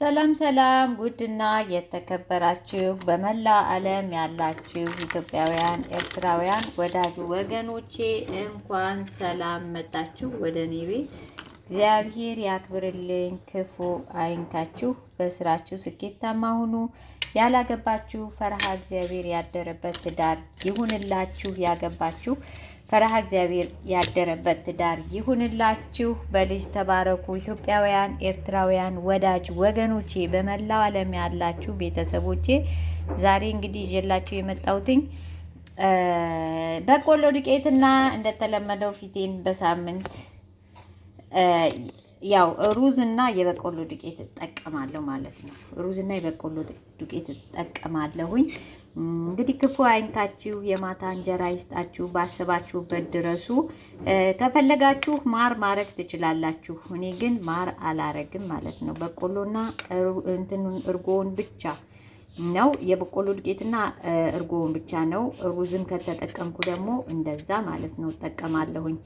ሰላም ሰላም ውድና የተከበራችሁ በመላ ዓለም ያላችሁ ኢትዮጵያውያን፣ ኤርትራውያን ወዳጅ ወገኖቼ እንኳን ሰላም መጣችሁ ወደ እኔ ቤት። እግዚአብሔር ያክብርልኝ፣ ክፉ አይንካችሁ፣ በስራችሁ ስኬታማ ሁኑ። ያላገባችሁ ፈርሃ እግዚአብሔር ያደረበት ትዳር ይሁንላችሁ። ያገባችሁ ፈረሃ እግዚአብሔር ያደረበት ትዳር ይሁንላችሁ። በልጅ ተባረኩ። ኢትዮጵያውያን፣ ኤርትራውያን፣ ወዳጅ ወገኖቼ፣ በመላው ዓለም ያላችሁ ቤተሰቦቼ ዛሬ እንግዲህ ይዤላችሁ የመጣሁትኝ በቆሎ ዱቄትና እንደተለመደው ፊቴን በሳምንት ያው ሩዝ እና የበቆሎ ዱቄት እጠቀማለሁ ማለት ነው። ሩዝ እና የበቆሎ ዱቄት እጠቀማለሁኝ። እንግዲህ ክፉ አይንካችሁ፣ የማታ እንጀራ ይስጣችሁ፣ ባሰባችሁበት ድረሱ። ከፈለጋችሁ ማር ማረግ ትችላላችሁ። እኔ ግን ማር አላረግም ማለት ነው። በቆሎና እንትኑን እርጎውን ብቻ ነው የበቆሎ ዱቄትና እርጎውን ብቻ ነው። ሩዝም ከተጠቀምኩ ደግሞ እንደዛ ማለት ነው እጠቀማለሁኝ።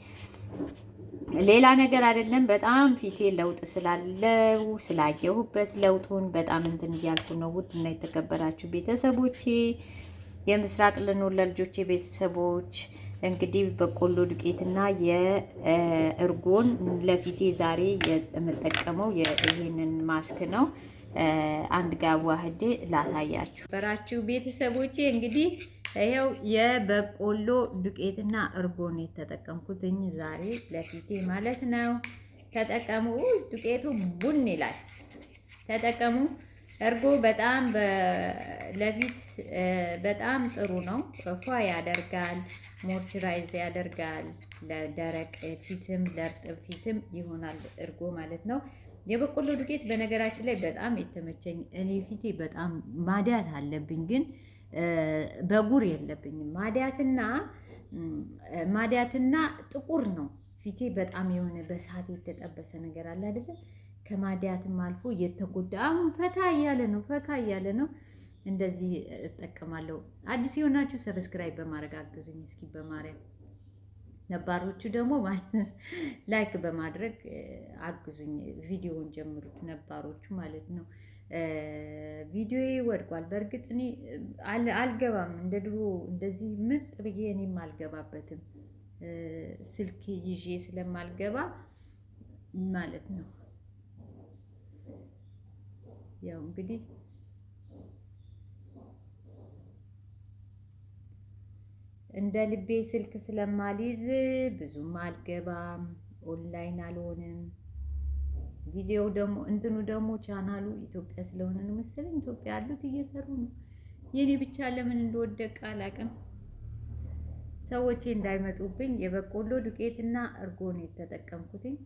ሌላ ነገር አይደለም። በጣም ፊቴ ለውጥ ስላለው ስላየሁበት ለውጡን በጣም እንትን እያልኩ ነው። ውድና የተከበራችሁ ቤተሰቦቼ የምስራቅ ልኑር ለልጆቼ ቤተሰቦች እንግዲህ በቆሎ ዱቄትና የእርጎን ለፊቴ ዛሬ የምጠቀመው ይህንን ማስክ ነው። አንድ ጋር ዋህዴ ላሳያችሁ በራችሁ ቤተሰቦቼ እንግዲህ ይሄው የበቆሎ ዱቄትና እርጎ ነው የተጠቀምኩትኝ ዛሬ ለፊቴ ማለት ነው። ተጠቀሙ። ዱቄቱ ቡን ይላል። ተጠቀሙ። እርጎ በጣም ለፊት በጣም ጥሩ ነው። ፏ ያደርጋል፣ ሞይስቸራይዝ ያደርጋል። ለደረቅ ፊትም ለእርጥብ ፊትም ይሆናል እርጎ ማለት ነው። የበቆሎ ዱቄት በነገራችን ላይ በጣም የተመቸኝ እኔ ፊቴ በጣም ማዳት አለብኝ ግን በጉር የለብኝም። ማዲያትና ማዲያትና ጥቁር ነው ፊቴ በጣም የሆነ በሳት የተጠበሰ ነገር አለ አይደለ? ከማዲያትም አልፎ እየተጎዳ አሁን ፈታ እያለ ነው፣ ፈካ እያለ ነው። እንደዚህ እጠቀማለሁ። አዲስ የሆናችሁ ሰብስክራይብ በማድረግ አግዙኝ እስኪ በማርያም ነባሮቹ ደግሞ ላይክ በማድረግ አግዙኝ። ቪዲዮውን ጀምሩት ነባሮቹ ማለት ነው። ቪዲዮ ወድቋል። በእርግጥ እኔ አልገባም እንደ ድሮ እንደዚህ ምጥ ብዬ እኔም አልገባበትም ስልክ ይዤ ስለማልገባ ማለት ነው። ያው እንግዲህ እንደ ልቤ ስልክ ስለማልይዝ ብዙም አልገባም፣ ኦንላይን አልሆንም። ቪዲዮ ደግሞ እንትኑ ደግሞ ቻናሉ ኢትዮጵያ ስለሆነ ነው መሰለኝ ኢትዮጵያ ያሉት እየሰሩ ነው። የኔ ብቻ ለምን እንደወደቀ አላውቅም። ሰዎቼ እንዳይመጡብኝ የበቆሎ ዱቄትና እርጎ ነው የተጠቀምኩትኝ።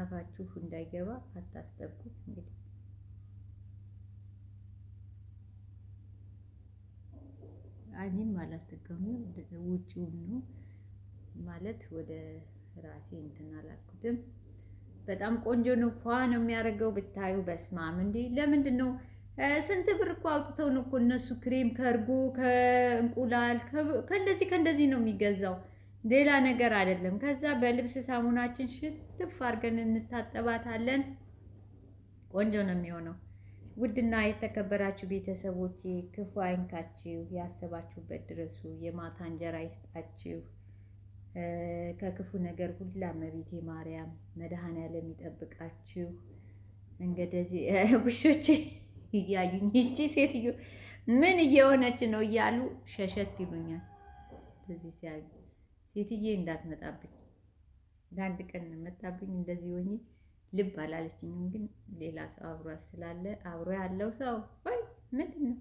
አፋችሁ እንዳይገባ አታስጠጉት። እንግዲህ እኔም አላስጠቀሙ ውጭውን ነው ማለት ወደ ራሴ እንትን አላልኩትም። በጣም ቆንጆ ነው። ፏ ነው የሚያደርገው ብታዩ። በስማም እንዴ! ለምንድን ነው ስንት ብር እኮ አውጥተው ነው እኮ እነሱ ክሬም ከእርጎ ከእንቁላል ከእንደዚህ ከእንደዚህ ነው የሚገዛው፣ ሌላ ነገር አይደለም። ከዛ በልብስ ሳሙናችን ሽትፍ አድርገን እንታጠባታለን። ቆንጆ ነው የሚሆነው። ውድና የተከበራችሁ ቤተሰቦቼ ክፉ አይንካችሁ፣ ያሰባችሁበት ድረሱ። የማታ እንጀራ ይስጣችሁ። ከክፉ ነገር ሁላ እመቤቴ ማርያም መድኃኔዓለም ይጠብቃችሁ። እንግዲህ ውሾቼ እያዩኝ ይቺ ሴትዮ ምን እየሆነች ነው እያሉ ሸሸት ይሉኛል። እዚህ ሲያዩ ሴትዬ እንዳትመጣብኝ ለአንድ ቀን መጣብኝ እንደዚህ ወኝ ልብ አላለችኝም። ግን ሌላ ሰው አብሯት ስላለ አብሮ ያለው ሰው ወይ ምንድን ነው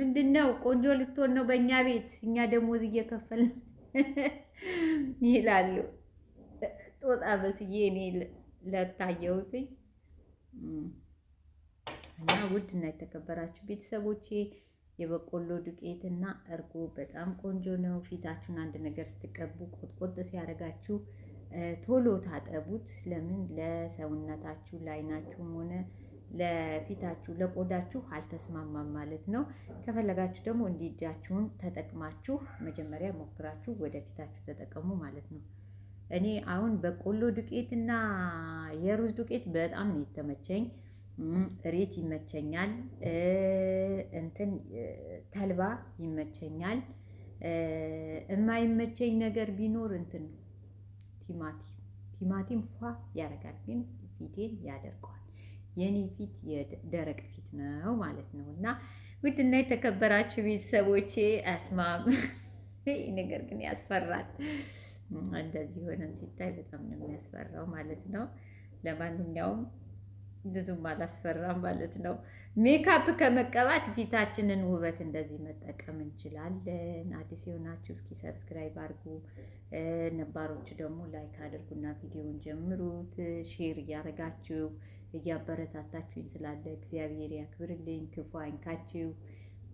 ምንድን ነው ቆንጆ ልትሆን ነው በእኛ ቤት እኛ ደሞዝ እየከፈልን ይላሉ። ጦጣ በስዬ እኔ ለታየሁትኝ እና ውድ እና የተከበራችሁ ቤተሰቦቼ የበቆሎ ዱቄት እና እርጎ በጣም ቆንጆ ነው። ፊታችሁን አንድ ነገር ስትቀቡ ቆጥቆጥ ሲያደርጋችሁ ቶሎ ታጠቡት። ለምን ለሰውነታችሁ ለአይናችሁም ሆነ ለፊታችሁ ለቆዳችሁ አልተስማማም ማለት ነው። ከፈለጋችሁ ደግሞ እንዲህ እጃችሁን ተጠቅማችሁ መጀመሪያ ሞክራችሁ ወደ ፊታችሁ ተጠቀሙ ማለት ነው። እኔ አሁን በቆሎ ዱቄት እና የሩዝ ዱቄት በጣም ነው የተመቸኝ። ሬት ይመቸኛል፣ እንትን ተልባ ይመቸኛል። የማይመቸኝ ነገር ቢኖር እንትን ነው ቲማቲም። ቲማቲም ፏ ያደርጋል፣ ግን ፊቴን ያደርገዋል። የኔ ፊት የደረቅ ፊት ነው ማለት ነው። እና ውድና የተከበራችሁ ቤተሰቦቼ አስማም ይህ ነገር ግን ያስፈራል። እንደዚህ ሆነን ሲታይ በጣም ነው የሚያስፈራው ማለት ነው። ለማንኛውም ብዙም አላስፈራም ማለት ነው። ሜካፕ ከመቀባት ፊታችንን ውበት እንደዚህ መጠቀም እንችላለን። አዲስ የሆናችሁ እስኪ ሰብስክራይብ አድርጉ፣ ነባሮቹ ደግሞ ላይክ አድርጉና ቪዲዮውን ጀምሩት። ሼር እያደረጋችሁ እያበረታታችሁኝ ስላለ እግዚአብሔር ያክብርልኝ፣ ክፉ አይንካችሁ፣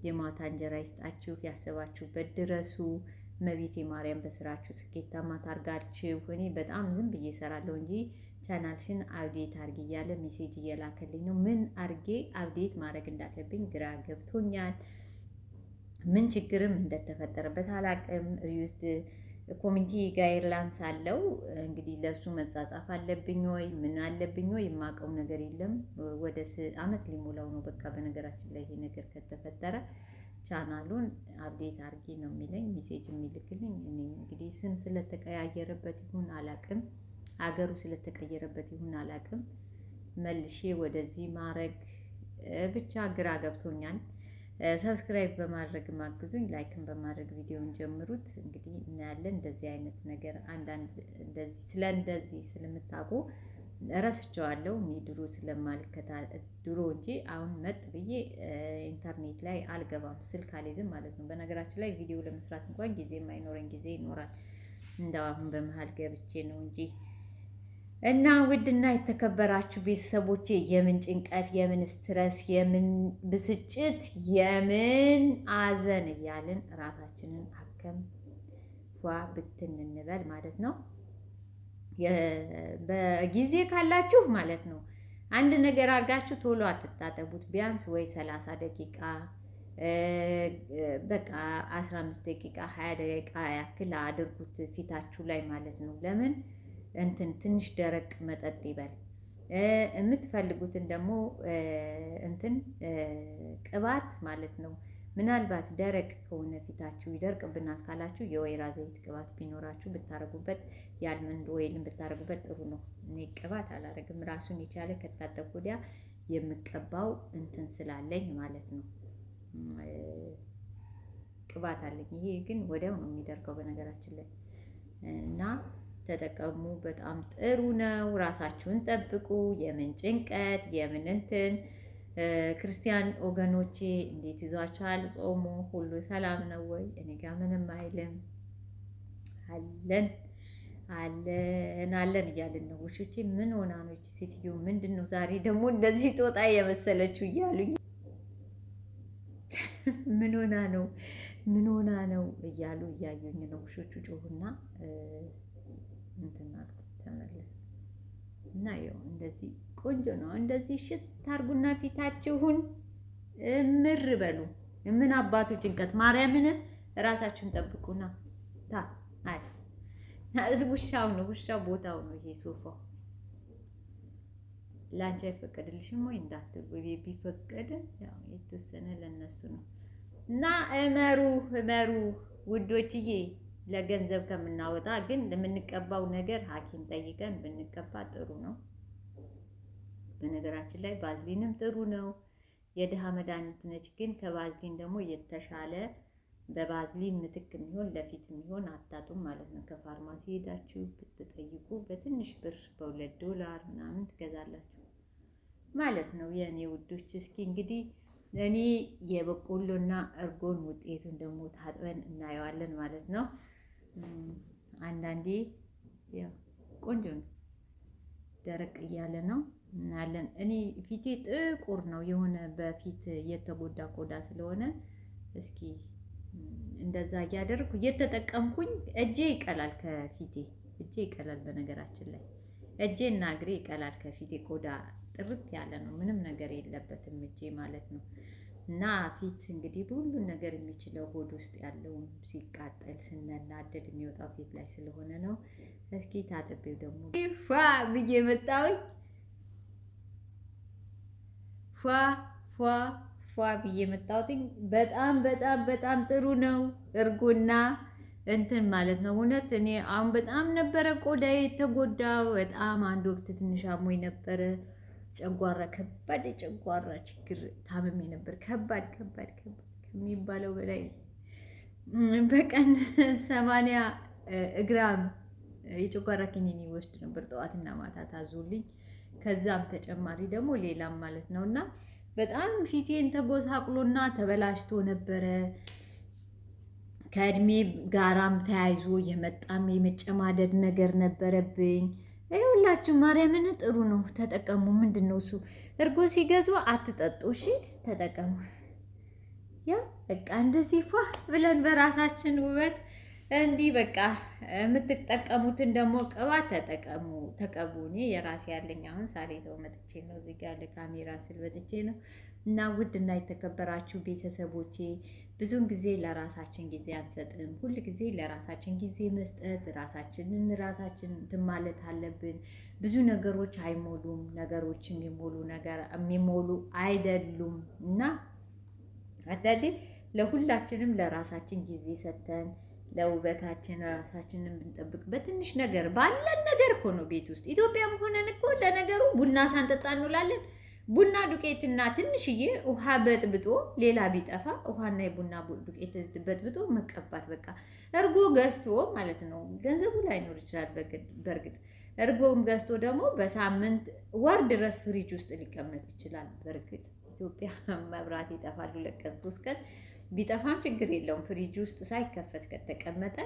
የማታ እንጀራ ይስጣችሁ፣ ያሰባችሁበት ድረሱ። መቤቴ ማርያም በስራችሁ ስኬታማ ታርጋችሁ። እኔ በጣም ዝም ብዬ እሰራለሁ እንጂ ቻናልሽን አብዴት አርጊ እያለ ሜሴጅ እየላከልኝ ነው። ምን አርጌ አብዴት ማድረግ እንዳለብኝ ግራ ገብቶኛል። ምን ችግርም እንደተፈጠረበት አላቅም። ሪዩስድ ኮሚኒቲ ጋይድላንስ አለው እንግዲህ ለእሱ መጻጻፍ አለብኝ ወይ ምን አለብኝ ወይ የማውቀው ነገር የለም። ወደ አመት ሊሞላው ነው በቃ በነገራችን ላይ ይሄ ነገር ከተፈጠረ ቻናሉን አብዴት አርጊ ነው የሚለኝ ሜሴጅ የሚልክልኝ። እኔ እንግዲህ ስም ስለተቀያየረበት ይሁን አላቅም። ሀገሩ ስለተቀየረበት ይሁን አላውቅም፣ መልሼ ወደዚህ ማድረግ ብቻ ግራ ገብቶኛል። ሰብስክራይብ በማድረግ ማግዙኝ፣ ላይክን በማድረግ ቪዲዮን ጀምሩት። እንግዲህ እናያለን። እንደዚህ አይነት ነገር አንዳንድ እንደዚህ ስለ እንደዚህ ስለምታውቁ እረስቸዋለሁ እኔ ድሮ ስለማልከታ ድሮ እንጂ አሁን መጥ ብዬ ኢንተርኔት ላይ አልገባም፣ ስልክ አልይዝም ማለት ነው። በነገራችን ላይ ቪዲዮ ለመስራት እንኳን ጊዜ የማይኖረኝ ጊዜ ይኖራል። እንደው አሁን በመሀል ገብቼ ነው እንጂ እና ውድና የተከበራችሁ ቤተሰቦቼ የምን ጭንቀት፣ የምን ስትረስ፣ የምን ብስጭት፣ የምን አዘን እያልን ራሳችንን አከም ፏ ብትን እንበል ማለት ነው። በጊዜ ካላችሁ ማለት ነው አንድ ነገር አድርጋችሁ ቶሎ አትታጠቡት። ቢያንስ ወይ 30 ደቂቃ በቃ 15 ደቂቃ 20 ደቂቃ ያክል አድርጉት ፊታችሁ ላይ ማለት ነው ለምን እንትን ትንሽ ደረቅ መጠጥ ይበል። የምትፈልጉትን ደግሞ እንትን ቅባት ማለት ነው። ምናልባት ደረቅ ከሆነ ፊታችሁ ይደርቅብናል ካላችሁ የወይራ ዘይት ቅባት ቢኖራችሁ ብታረጉበት፣ የአልመንድ ወይልን ብታረጉበት ጥሩ ነው። እኔ ቅባት አላረግም ራሱን የቻለ ከታጠብኩ ወዲያ የምቀባው እንትን ስላለኝ ማለት ነው። ቅባት አለኝ። ይሄ ግን ወዲያው ነው የሚደርቀው በነገራችን ላይ እና ተጠቀሙ። በጣም ጥሩ ነው። ራሳችሁን ጠብቁ። የምን ጭንቀት የምን እንትን ክርስቲያን ወገኖቼ እንዴት ይዟችኋል? ጾሙ ሁሉ ሰላም ነው ወይ? እኔ ጋ ምንም አይልም። አለን አለን አለን እያልን ነው። ውሾቼ ምን ሆና ነች ሴትዮ? ምንድን ነው ዛሬ ደግሞ እንደዚህ ጦጣ የመሰለችው እያሉኝ ምን ሆና ነው ምን ሆና ነው እያሉ እያዩኝ ነው ውሾቹ ጮሁና እንትን ተመለስ እና ይኸው እንደዚህ ቆንጆ ነው። እንደዚህ ሽት ታርጉና ፊታችሁን እምር በሉ። ምን አባቱ ጭንቀት ማርያምን እራሳችሁን ጠብቁና ታ አይ ውሻው ነው ውሻው ቦታው ነው ይሄ ሶፋው ላንቺ አይፈቀድልሽም ወይ እንዳትል ወይ ቢፈቀድ ያው የተወሰነ ለነሱ ነው እና እመሩ እመሩ ውዶችዬ ለገንዘብ ከምናወጣ ግን ለምንቀባው ነገር ሐኪም ጠይቀን ብንቀባ ጥሩ ነው። በነገራችን ላይ ባዝሊንም ጥሩ ነው፣ የድሃ መድኃኒት ነች። ግን ከባዝሊን ደግሞ የተሻለ በባዝሊን ምትክ የሚሆን ለፊት የሚሆን አታጡም ማለት ነው። ከፋርማሲ ሄዳችሁ ብትጠይቁ በትንሽ ብር በሁለት ዶላር ምናምን ትገዛላችሁ ማለት ነው። የእኔ ውዶች እስኪ እንግዲህ እኔ የበቆሎና እርጎን ውጤቱን ደግሞ ታጥበን እናየዋለን ማለት ነው። አንዳንዴ ቆንጆ ነው። ደረቅ እያለ ነው እናያለን። እኔ ፊቴ ጥቁር ነው የሆነ በፊት የተጎዳ ቆዳ ስለሆነ እስኪ እንደዛ እያደረኩ እየተጠቀምኩኝ እጄ ይቀላል ከፊቴ እጄ ይቀላል። በነገራችን ላይ እጄ እና እግሬ ይቀላል ከፊቴ ቆዳ ጥርት ያለ ነው። ምንም ነገር የለበትም እጄ ማለት ነው። እና ፊት እንግዲህ ሁሉን ነገር የሚችለው ሆድ ውስጥ ያለውን ሲቃጠል ስንናደድ የሚወጣው ፊት ላይ ስለሆነ ነው። እስኪ ታጥቤው ደግሞ ፏ ብዬ መጣሁኝ። ፏ ፏ ፏ ብዬ መጣሁትኝ። በጣም በጣም በጣም ጥሩ ነው እርጎና እንትን ማለት ነው። እውነት እኔ አሁን በጣም ነበረ ቆዳዬ የተጎዳው። በጣም አንድ ወቅት ትንሽ አሞኝ ነበረ ጨጓራ ከባድ የጨጓራ ችግር ታመሜ ነበር። ከባድ ከባድ ከባድ ከሚባለው በላይ በቀን ሰማንያ እግራም የጨጓራ ኪኒን ይወስድ ነበር ጠዋትና ማታ ታዙልኝ። ከዛም ተጨማሪ ደግሞ ሌላም ማለት ነው እና በጣም ፊቴን ተጎሳቅሎና ተበላሽቶ ነበረ። ከእድሜ ጋራም ተያይዞ የመጣም የመጨማደድ ነገር ነበረብኝ። ይኸውላችሁ ማርያምን ጥሩ ነው ተጠቀሙ። ምንድን ነው እሱ እርጎ ሲገዙ አትጠጡ፣ እሺ ተጠቀሙ። ያ በቃ እንደዚህ ፏ ብለን በራሳችን ውበት እንዲህ በቃ የምትጠቀሙትን ደግሞ ቅባት ተጠቀሙ፣ ተቀቡ። እኔ የራሴ ያለኝ አሁን ሳሌ ሰው መጥቼ ነው እዚህ ጋር ለካሜራ ስል መጥቼ ነው እና ውድ እና የተከበራችሁ ቤተሰቦቼ ብዙውን ጊዜ ለራሳችን ጊዜ አንሰጥም። ሁል ጊዜ ለራሳችን ጊዜ መስጠት ራሳችንን ራሳችን እንትን ማለት አለብን። ብዙ ነገሮች አይሞሉም፣ ነገሮች የሚሞሉ ነገር የሚሞሉ አይደሉም እና አንዳንዴ ለሁላችንም ለራሳችን ጊዜ ሰጥተን ለውበታችን ራሳችንን ብንጠብቅ በትንሽ ነገር ባለን ነገር እኮ ነው ቤት ውስጥ ኢትዮጵያም ሆነን እኮ ለነገሩ ቡና ሳንጠጣ እንውላለን። ቡና ዱቄትና ትንሽዬ ውሃ በጥብጦ ሌላ ቢጠፋ ውሃና የቡና ዱቄት በጥብጦ መቀባት። በቃ እርጎ ገዝቶ ማለት ነው። ገንዘቡ ላይኖር ይችላል በእርግጥ እርጎም ገዝቶ ደግሞ በሳምንት ወር ድረስ ፍሪጅ ውስጥ ሊቀመጥ ይችላል። በእርግጥ ኢትዮጵያ መብራት ይጠፋል ሁለት ቀን ሶስት ቀን ቢጠፋም ችግር የለውም። ፍሪጅ ውስጥ ሳይከፈት ከተቀመጠ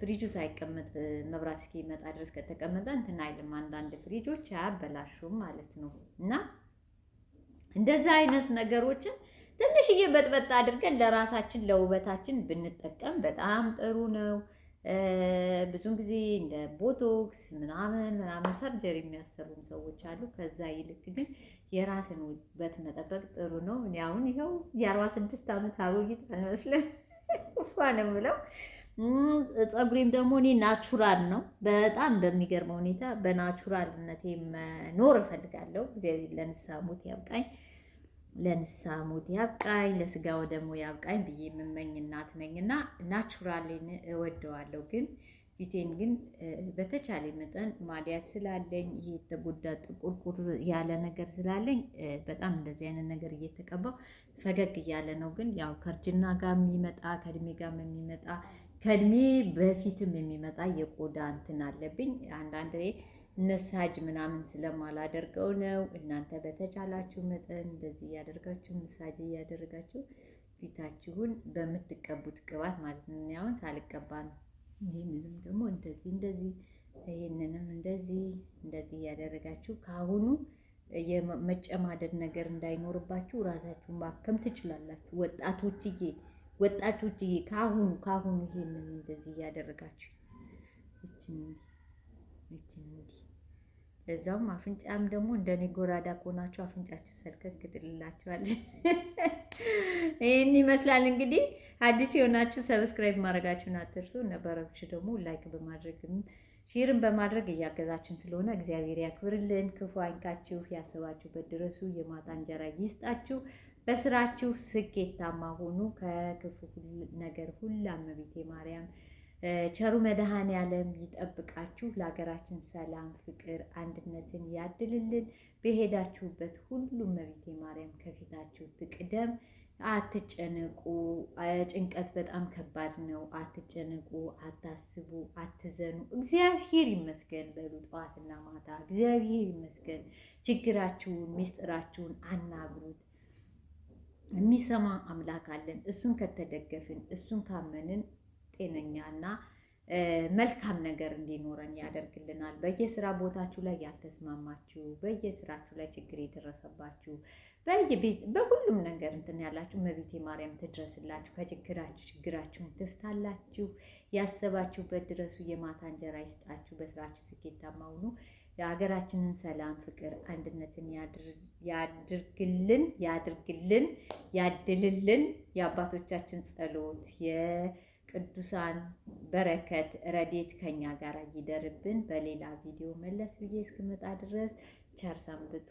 ፍሪጁ ሳይቀመጥ መብራት እስኪመጣ ድረስ ከተቀመጠ እንትን አይልም። አንዳንድ ፍሪጆች አያበላሹም ማለት ነው እና እንደዛ አይነት ነገሮችን ትንሽዬ በጥበጥ አድርገን ለራሳችን ለውበታችን ብንጠቀም በጣም ጥሩ ነው። ብዙን ጊዜ እንደ ቦቶክስ ምናምን ምናምን ሰርጀሪ የሚያሰሩም ሰዎች አሉ። ከዛ ይልቅ ግን የራስን ውበት መጠበቅ ጥሩ ነው። እኔ አሁን ይኸው የአርባ ስድስት ዓመት አሮጊት አልመስልም እኳ ነው ብለው ፀጉሬም ደግሞ እኔ ናቹራል ነው። በጣም በሚገርመው ሁኔታ በናቹራልነቴ መኖር እፈልጋለሁ። እግዚአብሔር ለንስሐ ሞት ያብቃኝ። ለንስሐ ሞት ያብቃኝ፣ ለስጋ ወደሙ ያብቃኝ ብዬ የምመኝ እናት ነኝ እና ናቹራሌን እወደዋለሁ ግን ፊቴን ግን በተቻለ መጠን ማዲያት ስላለኝ ይሄ የተጎዳ ጥቁርቁር ያለ ነገር ስላለኝ በጣም እንደዚህ አይነት ነገር እየተቀባው ፈገግ እያለ ነው። ግን ያው ከእርጅና ጋር የሚመጣ ከእድሜ ጋር የሚመጣ ከእድሜ በፊትም የሚመጣ የቆዳ እንትን አለብኝ አንዳንድ መሳጅ ምናምን ስለማላደርገው ነው። እናንተ በተቻላችሁ መጠን እንደዚህ እያደርጋችሁ መሳጅ እያደረጋችሁ ፊታችሁን በምትቀቡት ቅባት ማለት ነው። አሁን ሳልቀባ ነው። ይህንንም ደግሞ እንደዚህ እንደዚህ ይህንንም እንደዚህ እንደዚህ እያደረጋችሁ ከአሁኑ የመጨማደድ ነገር እንዳይኖርባችሁ ራሳችሁን ማከም ትችላላችሁ። ወጣቶችዬ ወጣቶችዬ ከአሁኑ ከአሁኑ ይህንን እንደዚህ እያደረጋችሁ ይችን ይችን እዛውም አፍንጫም ደግሞ እንደኔ ጎራዳ ከሆናችሁ አፍንጫችሁ ሰልከክ ትልላችኋል። ይህን ይመስላል እንግዲህ። አዲስ የሆናችሁ ሰብስክራይብ ማድረጋችሁን አትርሱ። ነበረች ደግሞ ላይክ በማድረግም ሼርን በማድረግ እያገዛችን ስለሆነ እግዚአብሔር ያክብርልን፣ ክፉ አይንካችሁ፣ ያሰባችሁ በድረሱ የማታ እንጀራ ይስጣችሁ፣ በስራችሁ ስኬታማ ሆኑ፣ ከክፉ ነገር ሁላ እመቤቴ ማርያም ቸሩ መድሃን ዓለም ይጠብቃችሁ። ለሀገራችን ሰላም፣ ፍቅር፣ አንድነትን ያድልልን። በሄዳችሁበት ሁሉ እመቤቴ ማርያም ከፊታችሁ ትቅደም። አትጨነቁ። ጭንቀት በጣም ከባድ ነው። አትጨነቁ፣ አታስቡ፣ አትዘኑ። እግዚአብሔር ይመስገን በሉ ጠዋትና ማታ። እግዚአብሔር ይመስገን። ችግራችሁን ሚስጥራችሁን አናግሩት። የሚሰማ አምላክ አለን። እሱን ከተደገፍን እሱን ካመንን ጤነኛና መልካም ነገር እንዲኖረን ያደርግልናል። በየስራ ቦታችሁ ላይ ያልተስማማችሁ፣ በየስራችሁ ላይ ችግር የደረሰባችሁ፣ በሁሉም ነገር እንትን ያላችሁ እመቤቴ ማርያም ትድረስላችሁ፣ ከችግራችሁ ችግራችሁን ትፍታላችሁ፣ ያሰባችሁበት ድረሱ፣ የማታ እንጀራ ይስጣችሁ፣ በስራችሁ ስኬታማ ሁኑ። የሀገራችንን ሰላም፣ ፍቅር፣ አንድነትን ያድርግልን ያድርግልን ያድልልን የአባቶቻችን ጸሎት ቅዱሳን በረከት ረዴት ከኛ ጋር ይደርብን። በሌላ ቪዲዮ መለስ ብዬ እስክመጣ ድረስ ቸር ሰንብቱ።